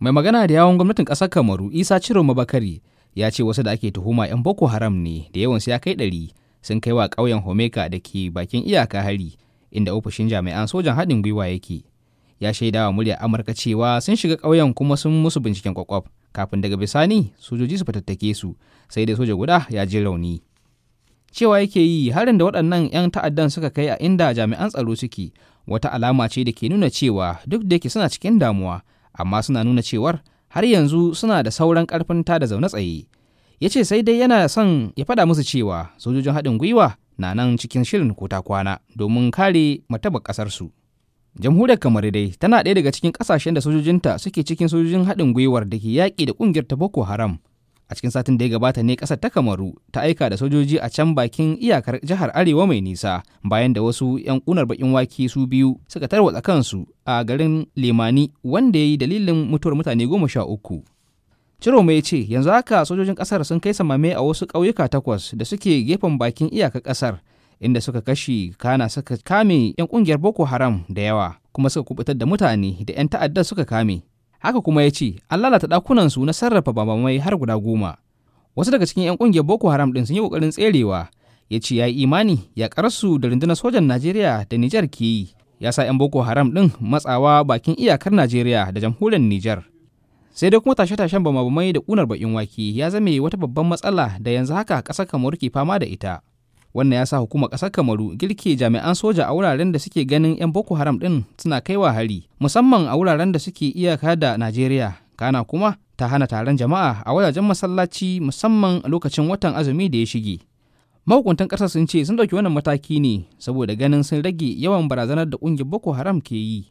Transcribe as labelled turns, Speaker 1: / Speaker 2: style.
Speaker 1: mai magana da yawon gwamnatin ƙasar kamaru isa ciro mabakari ya ce wasu da ake tuhuma 'yan boko haram ne da yawan ya kai ɗari sun kai wa ƙauyen homeka da ke bakin iyaka hari inda ofishin jami'an sojan haɗin gwiwa yake ya shaidawa murya amurka cewa sun shiga ƙauyen kuma sun musu binciken kwakwaf kafin daga bisani sojoji su fatattake su sai dai soja guda ya ji rauni cewa yake yi harin da waɗannan 'yan ta'addan suka kai a inda jami'an tsaro suke wata alama ce da ke nuna cewa duk da yake suna cikin damuwa amma suna nuna cewar har yanzu suna da sauran karfin da zaune tsaye ya ce sai dai yana son ya faɗa musu cewa sojojin haɗin gwiwa na nan cikin shirin ko kwana domin kare martabar ƙasarsu jamhuriyar kamar dai tana ɗaya daga cikin ƙasashen da sojojinta suke cikin sojojin haɗin gwiwar da ke yaƙi da ƙungiyar ta boko haram a cikin satin da ya gabata ne kasar ta kamaru ta aika da sojoji a can bakin iyakar jihar arewa mai nisa bayan da wasu 'yan kunar bakin wake su biyu suka tarwatsa kansu a garin limani wanda ya yi dalilin mutuwar mutane goma sha uku Ciroma ya ce yanzu haka sojojin kasar sun kai samame a wasu ƙauyuka takwas da suke gefen bakin iyakar kasar inda suka kashe kana suka kame 'yan kungiyar boko haram da yawa kuma suka kubutar da mutane da 'yan ta'addar suka kame haka kuma ya ce an lalata ɗakunansu na sarrafa babamai har guda goma wasu daga cikin 'yan ƙungiyar boko haram ɗin sun yi ƙoƙarin tserewa ya ce ya yi imani ya da rundunar sojan najeriya da nijar ke yi ya sa 'yan boko haram ɗin matsawa bakin iyakar najeriya da jamhuriyar nijar sai dai kuma tashe-tashen babamai da ƙunar baƙin wake ya zame wata babban matsala da yanzu haka ƙasar kamar ke fama da ita wannan ya sa hukumar ƙasar kamaru girke jami'an soja a wuraren da suke ganin 'yan boko haram ɗin suna kaiwa hari musamman a wuraren da suke iyaka da najeriya kana kuma ta hana taron jama'a a wajajen masallaci musamman a lokacin watan azumi da ya shige mahukuntan ƙasar sun ce sun ɗauki wannan mataki ne saboda ganin sun rage yawan barazanar da ƙungiyar boko haram ke yi